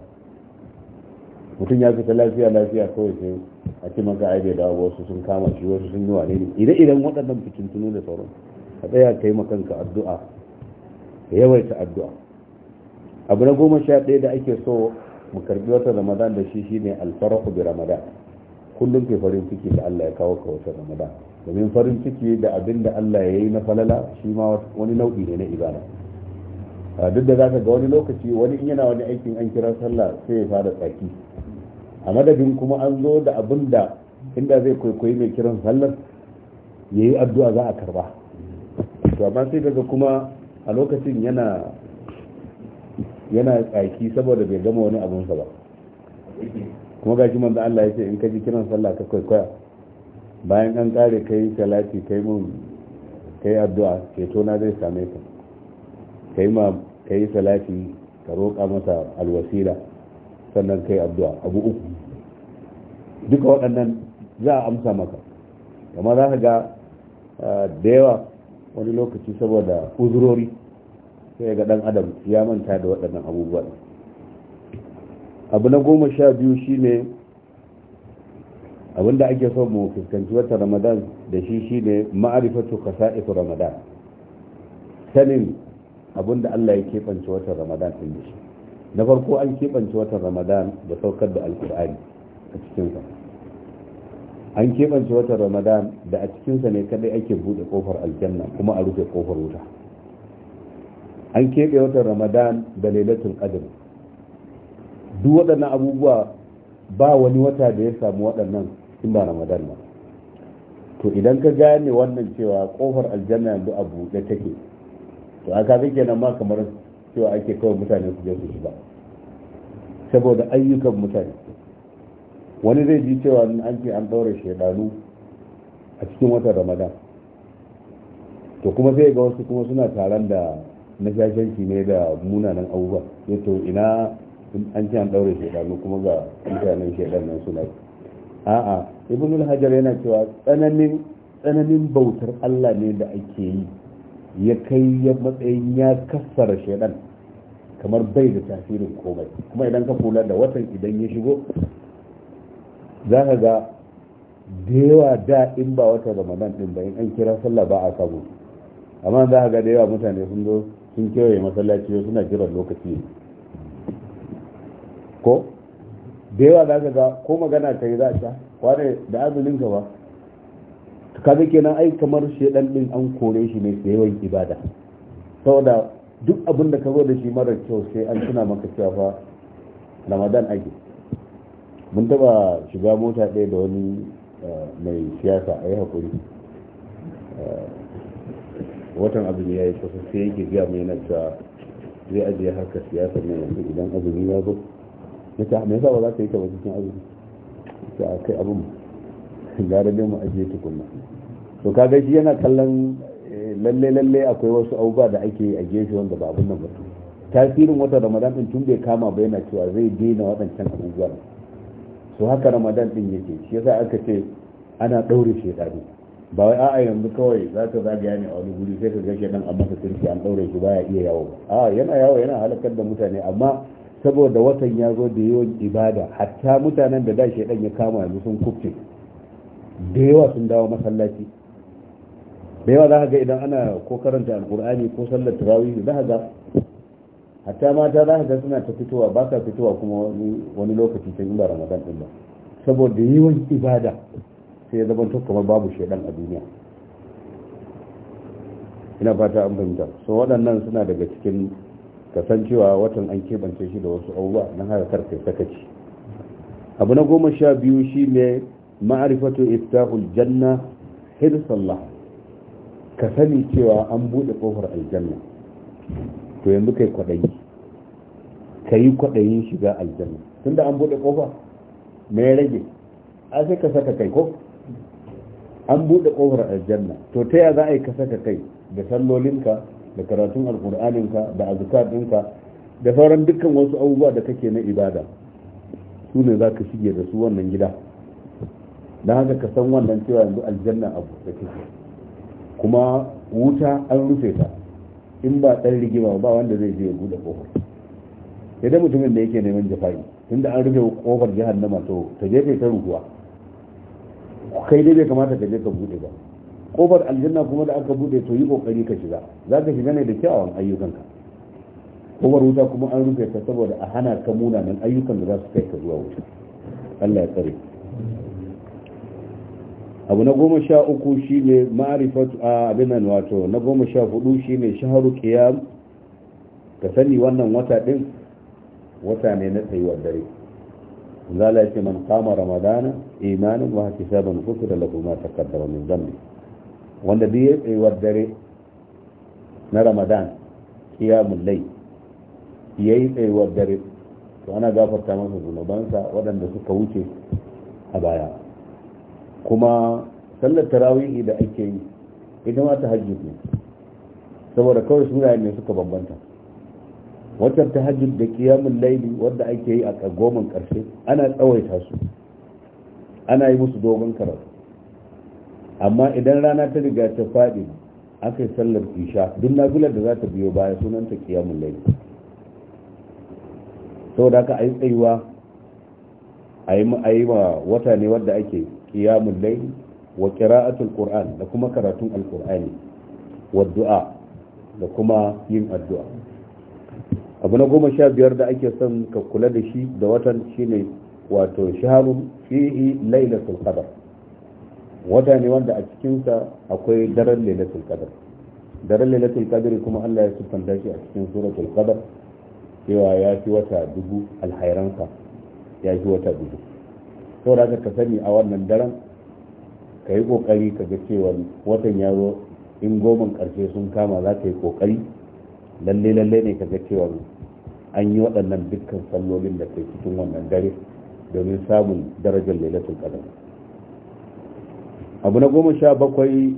mutum ya fita lafiya lafiya kawai sai a ce maka ai bai dawo wasu sun kama shi wasu sun yi wane ne idan idan waɗannan fitintunu da sauran ka tsaya kai makanka addu'a ka yawaita addu'a abu na goma sha ɗaya da ake so mu karbi wata ramadan da shi shine alfarahu bi ramadan kullum ke farin ciki da Allah ya kawo ka wata ramadan domin farin ciki da abin da Allah ya yi na falala shi ma wani nau'i ne na ibada duk da za ka ga wani lokaci wani in yana wani aikin an kira sallah sai ya fara tsaki a madadin kuma an zo da abin da inda zai kwaikwayi mai kiran sallar ya yi addu'a za a karba to amma sai daga kuma a lokacin yana yana tsaki saboda bai gama wani abunsa ba kuma gashi manzo Allah ya ce in ka ji kiran sallah ka kwaikwaya bayan an kare kai salati kai mun kai addu'a ceto na zai same ka kai ma kai salati ka roƙa masa alwasila sannan kai addu'a abu uku duka waɗannan za a amsa maka amma za ka ga ah, da yawa wani lokaci saboda uzurori sai ga dan adam ya manta da waɗannan abubuwa abu na goma sha biyu shine abinda ake son mu fuskanci wata ramadan da shi shine ma'arifatu kasa'ifu ramadan sanin abinda Allah ya keɓance wata ramadan ɗin da shi na farko an keɓance wata ramadan da saukar da alƙur'ani a cikinsa an keɓance wata ramadan da a cikinsa ne kadai ake buɗe ƙofar aljanna kuma a rufe ƙofar wuta an keɓe watan ramadan da lailatul qadr duk waɗannan abubuwa ba wani wata da ya samu waɗannan in ba ramadan ba to idan ka gane wannan cewa kofar aljanna yanzu a buɗe take to aka ga kenan ma kamar cewa ake kawai mutane su je su shiga saboda ayyukan mutane wani zai ji cewa an ce an ɗaure shaidanu a cikin watan ramadan to kuma sai ga wasu kuma suna taron da na shashanci ne da munanan abubuwa ya eh to ina an ce an ɗaure shekaru kuma ga mutanen shaiɗan nan suna yi a'a ibnul hajar yana cewa tsananin tsananin bautar allah ne da ake yi ya kai ya matsayin ya kassara shaiɗan kamar bai da tasirin komai kuma idan ka kula da watan idan ya shigo za ka ga da yawa da in ba watan ramadan din ba in an kira sallah ba a samu amma za ka ga da yawa mutane sun zo sun kewaye masallaci suna jiran lokaci ne ko da yawa za ka ga ko magana ta yi za a sha da azumin ka ba kaga kenan ai kamar shedan din an kore shi ne sai yawan ibada saboda duk abin da ka zo da shi mara kyau sai an tuna maka cewa fa ramadan ake mun taba shiga mota ɗaya da wani eh, mai siyasa a yi haƙuri eh, watan azumi ya yi kusa sai yake gaya mai na cewa zai ajiye harkar siyasa mai yanzu idan azumi ya zo nita ah, mai sa ba za ka yi ta cikin azumi ta a ah, kai abin gara dai mu ajiye tukunna to kaga shi yana kallon eh, lalle lalle akwai wasu abubuwa da ake a gefe wanda ba abin nan ba tasirin wata ramadan din tun bai kama ba yana cewa zai daina waɗancan abubuwan su haka ramadan din yake shi yasa aka ce ana ɗaure shekaru ba wai a'a yanzu kawai za ka zagaya ne a wani guri sai ka gashi nan amma ka sirki an daure shi baya iya yawo a yana yawo yana halakar da mutane amma saboda watan ya zo da yawan ibada hatta mutanen da da shaidan ya kama yanzu sun kufce da yawa sun dawo masallaci da yawa za ka ga idan ana ko karanta alkur'ani ko sallar tarawih za ka ga hatta mata za ka ga suna ta fitowa ba ka fitowa kuma wani lokaci can in ramadan din ba saboda yawan ibada sai ya zamanto kamar babu shaidan a duniya ina fata an fahimta so waɗannan suna daga cikin kasancewa watan an keɓance shi da wasu abubuwa na harkar kai sakaci abu na goma sha biyu shi ne ma'arifatu iftahul janna hirsallah ka sani cewa an buɗe ƙofar aljanna to yanzu kai kwaɗayi ka yi kwaɗayin shiga aljanna tunda an buɗe ƙofa me rage a sai ka saka kai ko an buɗe ƙofar aljanna to ta ya za a yi ka kai da sallolinka da karatun alkur'aninka da azkar ɗinka da sauran dukkan wasu abubuwa da kake na ibada su ne za ka shige da su wannan gida don haka ka san wannan cewa yanzu aljanna abu da kake kuma wuta an rufe ta in ba ɗan rigima ba wanda zai je ya buɗe ƙofar sai mutumin da yake neman jafa'i tunda an rufe ƙofar jihar nama to ta jefe ta ruhuwa kai dai bai kamata ka je ka bude ba kofar aljanna kuma da aka bude to yi kokari ka shiga za ka shiga ne da kyawawan ayyukanka kofar wuta kuma an rufe ta saboda a hana ka munanan ayyukan da za su kai ka zuwa wuta Allah ya tsare abu na goma sha uku shi ne ma'arifatu a abin wato na goma sha hudu shi ne shaharu kiyam ka sani wannan wata din wata ne na tsayuwar dare zala ya ce man kama ramadana imanin wa hisaban kufra lahu ma taqaddama min dhanbi wanda duk ya tsayuwar dare na Ramadan qiyamul ya yi tsayuwar dare to ana gafarta masa zunubansa waɗanda suka wuce a baya kuma sallar tarawihi da ake yi ita ma ta Hajji ne saboda kawai sunayen ne suka bambanta wata ta da kiyamun laili wadda ake yi a goman ƙarshe ana tsawaita su ana yi musu dogon karatu amma idan rana ta riga ta faɗi aka yi sallar isha duk nafilar da za ta biyo baya sunanta kiyamun laili saboda haka a yi tsayuwa a yi ma wata ne wadda ake kiyamun laili wa kira'atul qur'an da kuma karatun alkur'ani wa du'a da kuma yin addu'a abu na goma sha biyar da ake son ka kula da shi da watan shine wato shaharun fihi lailatul qadar wata ne wanda a cikinsa akwai daren lailatul qadar daren lailatul qadar kuma Allah ya siffanta shi a cikin suratul qadar cewa ya fi wata dubu alhairansa ya fi wata dubu saboda ka sani a wannan daren ka yi kokari ka ga cewa watan ya zo in goman karshe sun kama za ka yi kokari lalle lalle ne ka ga cewa an yi waɗannan dukkan sallolin da kai cikin wannan dare domin samun darajar lailatul qadar abu na goma sha bakwai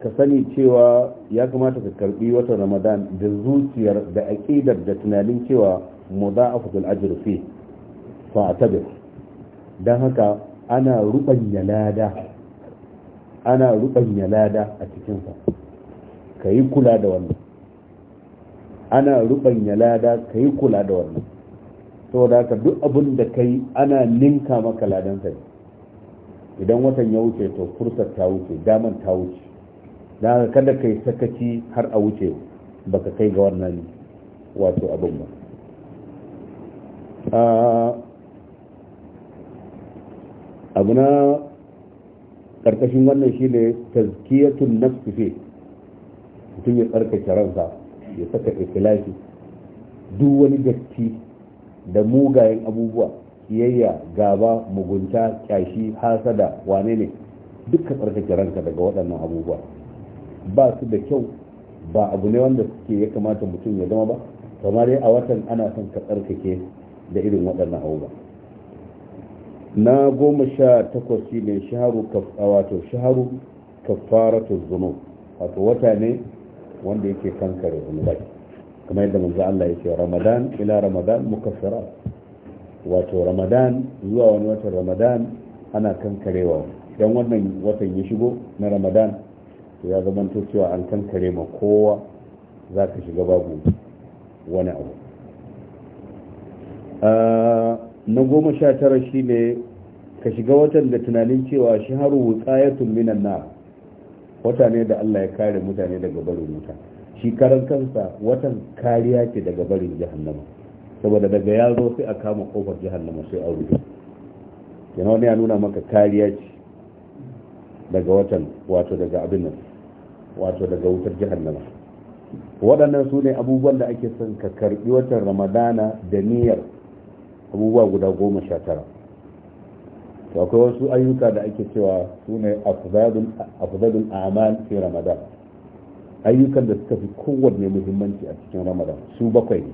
ka sani cewa ya kamata ka karbi watan ramadan da zuciyar da aqidar da tunanin cewa mudha'afatul ajr fi fa atabir dan haka ana rubanya lada ana rubanya lada a cikin sa kayi kula da wannan ana rubanya lada kayi kula da wannan saboda haka duk abin da kai ana ninka maka ladan sai idan watan ya wuce to fursar ta wuce daman ta wuce da haka kada kai sakaci har a wuce baka kai ga wannan wato abin ba ah, abu na ƙarƙashin wannan shi ne tazkiyatun nafsu fi mutum ya tsarkake ransa ya saka ikilafi duk wani datti da mugayen abubuwa kiyayya gaba mugunta kyashi hasada wane ne duka tsarkake ranka daga waɗannan abubuwa ba su da kyau ba abu ne wanda suke ya kamata mutum ya zama ba kamar dai a watan ana son ka tsarkake da irin waɗannan abubuwa na goma sha takwas shi ne shaharu wato shaharu kafaratu zunub wato wata ne wanda yake kankare zunubai kuma yadda manzo Allah yake Ramadan ila Ramadan mukassara wato Ramadan zuwa wani watan Ramadan ana kankarewa dan wannan watan ya shigo na Ramadan to ya zama to cewa an kankare ma kowa zaka shiga babu wani abu ah, na goma sha tara shi ne ka shiga watan da tunanin cewa shi haru wutsayatun minan na wata ne da Allah ya kare mutane daga barin mutane shi karan kansa watan kariya ce daga barin jahannama saboda daga ya zo sai a kama kofar jahannama sai a rufe yana wani ya nuna maka kariya ce daga watan wato daga abin nan wato daga wutar jahannama waɗannan su ne abubuwan da ake son ka karɓi watan ramadana da niyyar abubuwa guda goma sha tara akwai wasu ayyuka da ake cewa su ne afzadun amal fi ramadana ayyukan da suka fi kowanne muhimmanci a cikin ramadan su bakwai ne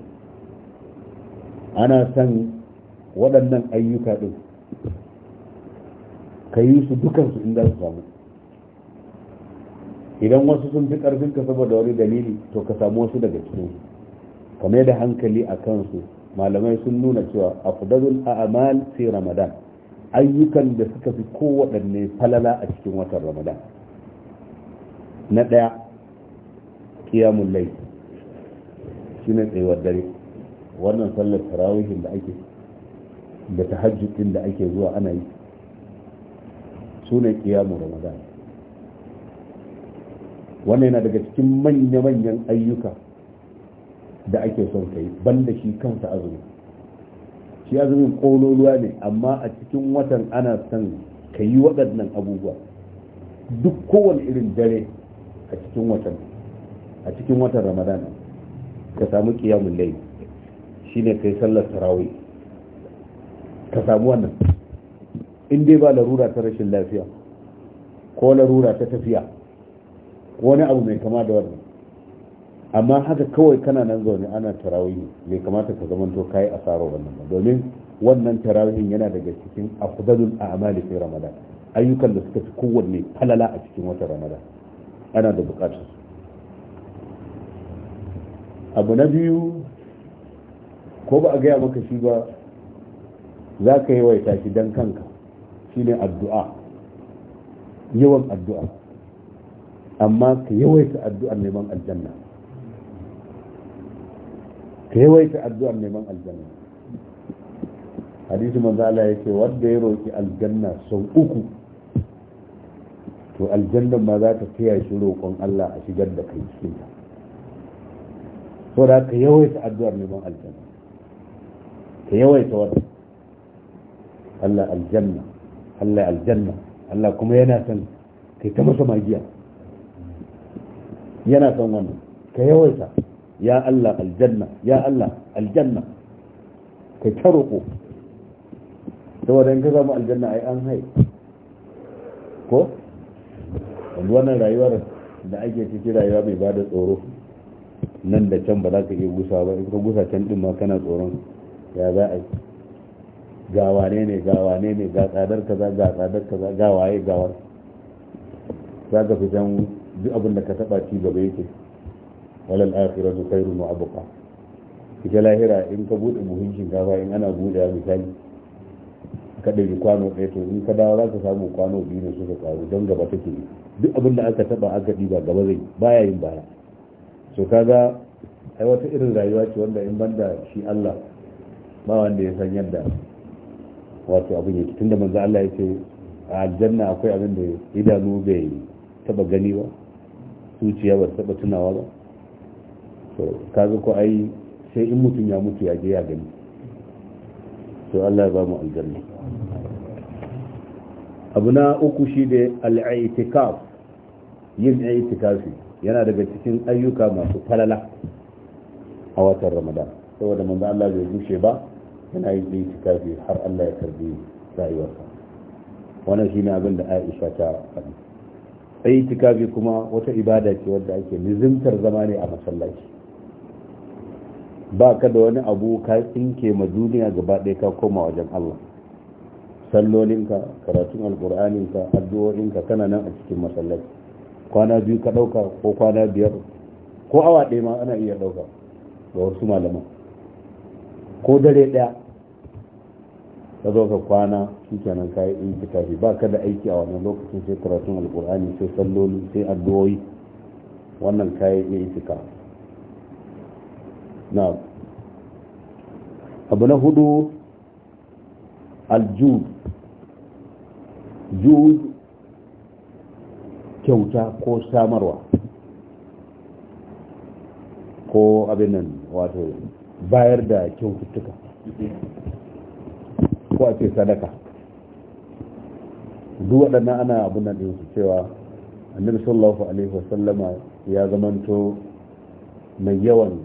ana san waɗannan ayyuka ɗin ka yi su dukansu in za su samu idan wasu sun fi ƙarfin ka saboda wani dalili to ka samu wasu daga cikin ka mai da hankali a kansu malamai sun nuna cewa a a a'mal sai ramadan ayyukan da suka fi kowaɗanne falala a cikin watan ramadan na ɗaya kiyamun lai shi ne tsayuwar dare wannan sallar tarawihin da ake da ta din da ake zuwa ana yi su ne kiyamun ramadan wannan yana daga cikin manya-manyan ayyuka da ake son kai banda shi kansa azumi shi azumin kololuwa ne amma a cikin watan ana son ka yi waɗannan abubuwa duk kowane irin dare a cikin watan a cikin watan ramadan ka samu kiyamun lai shi ne kai sallar tarawai ka samu wannan in dai ba larura ta rashin lafiya ko larura ta tafiya wani abu mai kama da wannan amma haka kawai kana nan zaune ana tarawih mai kamata ka zama to kai tsaro wannan domin wannan tarawihin yana daga cikin afdalul a'mali fi ramadan ayyukan da suka fi kowanne falala a cikin watan ramadan ana da bukatar abu na biyu ko ba a gaya maka shi ba za ka yawaita shi don kanka shi ne addu'a yawan addu'a amma ka yawaita addu'ar neman aljanna ka yawaita addu'ar neman aljanna hadisi manzo ya ce wanda ya roƙi aljanna sau uku to aljanna ma za ta taya shi roƙon Allah a shigar da kai cikinta ko da ka ta addu'ar neman aljanna ka ta wata Allah aljanna Allah aljanna Allah kuma yana son kai ta masa magiya yana son wannan ka ta ya Allah aljanna ya Allah aljanna ka ta roƙo ta wadda ka zama aljanna ai an hai ko wannan rayuwar da ake ciki rayuwa mai da tsoro nan da can ba za ka iya gusa ba in ka gusa can din ma kana tsoron ya za a yi ga ne ga ne ne ga tsadar kaza ga tsadar kaza ga waye gawa za ka fi can duk abin da ka taba ci gaba yake walal akhiratu khairun wa abqa ita lahira in ka bude buhun shinkafa in ana bude misali ka ɗauki kwano ɗaya to in ka dawo za ka samu kwano biyu ne suka tsaro don gaba take duk abin da aka taba aka ɗiba gaba zai baya yin baya to kaga ai wata irin rayuwa ce wanda in banda shi Allah ba wanda ya san yadda wato abin yake tunda manzo Allah ya a aljanna akwai abin da idanu bai taba gani ba zuciya ba taba tunawa ba to kaga ko ai sai in mutum ya mutu ya je ya gani to Allah ya ba mu aljanna abu na uku shi da al'aitikaf yin aitikafi yana daga cikin ayyuka masu falala a watan ramadan saboda manzo Allah bai bushe ba yana yin itikafi har Allah ya karbi rayuwarsa wannan shine abin da Aisha ta faɗi sai itikafi kuma wata ibada ce wadda ake nizimtar zama ne a masallaci ba da wani abu ka tsinke ma duniya gaba ɗaya ka koma wajen Allah sallolinka karatun alƙur'aninka addu'o'inka kana nan a cikin masallaci kwana biyu ka ɗauka ko kwana biyar ko awa ɗaya ma ana iya ɗauka ga wasu malaman ko dare ɗaya ka zo ka kwana shi kenan ka yi in tafi ba ka da aiki a wannan lokacin sai karatun alkur'ani sai salloli sai addu'o'i wannan ka yi in na abu na hudu aljud jud kyauta ko samarwa ko abin nan wato bayar da kyaututtuka ko a ce sadaka duk waɗannan ana abin nan ɗinsu cewa annabi sallallahu alaihi wasallama ya zamanto mai yawan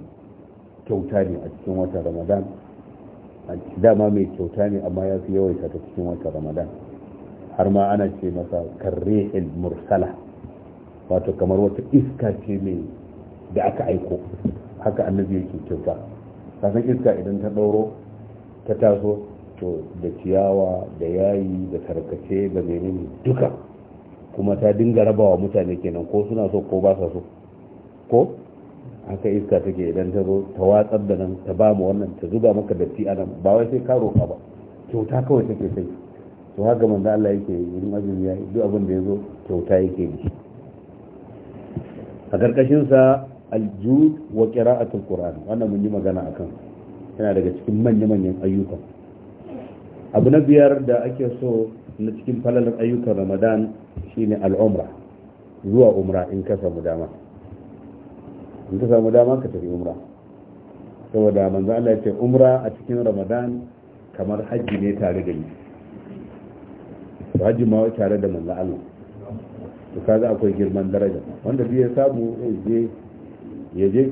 kyauta ne a cikin watan ramadan dama mai kyauta ne amma ya fi yawaita ta cikin watan ramadan har ma ana ce masa karre mursala wato kamar wata iska ce mai da aka aiko haka annabi yake kyauta kasan iska idan ta ɗauro ta taso to da ciyawa da yayi da tarkace da menene duka kuma ta dinga rabawa mutane kenan ko suna so ko ba sa so ko haka iska take idan ta zo ta watsar da nan ta ba mu wannan ta zuba maka datti a nan ba wai sai ka roƙa ba kyauta kawai take sai to haka manzo Allah yake yin azumi ya duk abin da ya zo kyauta yake yi. a sa aljud wa qira'atul qur'an wannan mun yi magana akan yana daga cikin manya-manyan ayyuka abu na biyar da ake so na cikin falalar ayyukan ramadan shine al'umra zuwa umra in ka samu dama in ka samu dama ka tafi umra saboda manzo Allah ya ce umra a cikin ramadan kamar hajji ne tare da ni hajji ma tare da manzo Allah to kaga akwai girman daraja wanda duk ya samu je ya je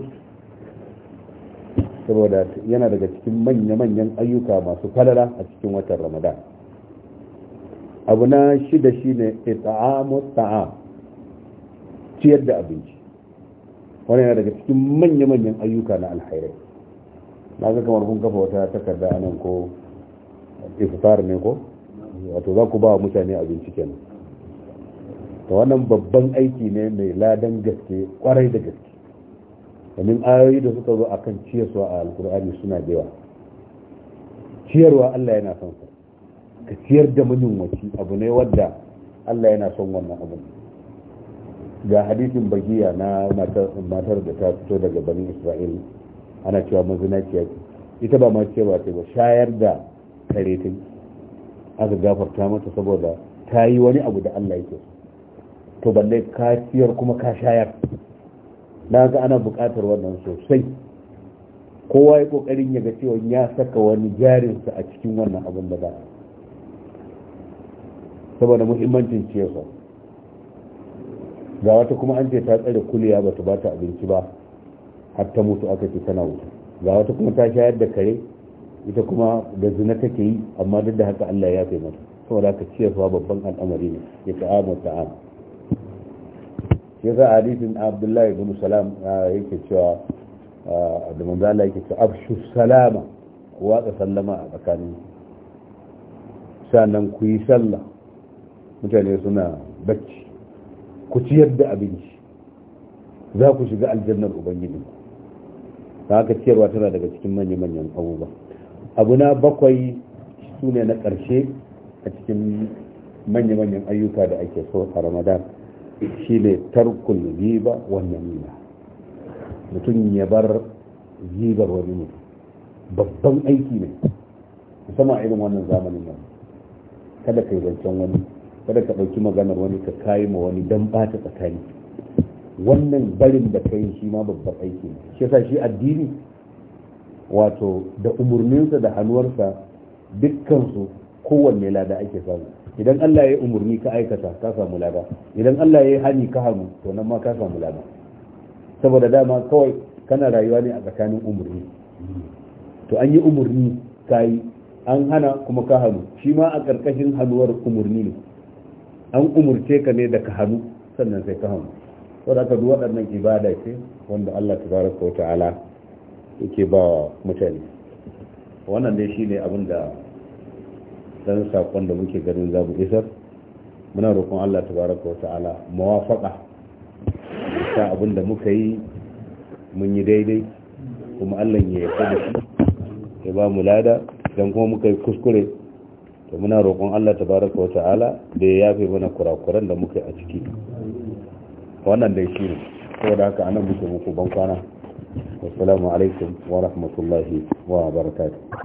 saboda yana daga cikin manya-manyan ayyuka masu falala a cikin watan ramadan abu na shida shine ita'amu ta'am ciyar da abinci wani yana daga cikin manya-manyan ayyuka na alhairai na ga kamar kun kafa wata takarda anan ko iftar ne ko wato za ku ba mutane abinci kenan wannan babban aiki ne mai ladan gaske kwarai da gaske domin ayoyi da suka zo akan ciyarwa a alkur'ani suna da yawa ciyarwa Allah yana son sa ka ciyar da manyunwaci abu ne wadda Allah yana son wannan abu ga hadisin bagiya na matar da ta fito daga banin isra'il ana cewa mazinaciya ita ba ma ba ce ba shayar da karetin aka gafarta mata saboda ta yi wani abu da Allah yake so to balle kafiyar kuma ka shayar na ga ana buƙatar wannan sosai kowa ya kokarin ya ga cewa ya saka wani jarinsa a cikin wannan abin da ba saboda muhimmancin ciyarwa ga wata kuma an ce ta tsare kuliya ba ta bata abinci ba har ta mutu aka ce tana wuta ga wata kuma ta shayar da kare ita kuma da zina take yi amma duk da haka Allah ya kai mata saboda haka ciyarwa babban al'amari ne ya ta'amu ta'amu ya za a hadisin abdullahi ibn salam ah, yake cewa ah, da manzo Allah yake cewa abshu salama ku watsa sallama a tsakanin sannan ku yi sallah mutane suna bacci ku ciyar da abinci za ku shiga aljannar ubangiji ta haka ciyarwa tana daga cikin manya-manyan abubuwa abu na bakwai su ne na ƙarshe a cikin manya-manyan ayyuka da ake so a ramadan shine tarkun riba wannan nuna mutum ya bar zibar wani mutum babban aiki ne musamman a irin wannan zamanin yau kada ka yi zancen wani kada ka ɗauki maganar wani ka kayi ma wani don ta tsakani wannan barin da ka yi shi ma babban aiki ne shi yasa shi addini wato da umarninsa da hannuwarsa dukkansu kowanne lada ake samu idan Allah ya umurni ka aikata ka samu lada idan Allah ya hani ka hannu to nan ma ka samu lada saboda dama kawai kana rayuwa ne a tsakanin umurni to an yi umurni ka yi an hana kuma ka hannu shi ma a ƙarƙashin hannuwar umurni ne an umurce ka ne da ka hannu sannan sai ka hannu saboda aka duk waɗannan ibada ce wanda Allah tabaraka wa ta'ala yake ba mutane wannan dai shine abin da dan sakon da muke ganin za mu isar muna roƙon Allah tabaraka wa ta'ala mawafaka ta abin da muka yi mun yi daidai kuma Allah ya yarda da shi ya ba mu lada dan kuma muka yi kuskure to muna roƙon Allah tabaraka wa ta'ala da ya yafe mana kurakuran da muka yi a ciki wannan dai shi ne saboda haka anan muke muku ban kwana assalamu alaikum wa rahmatullahi wa barakatuh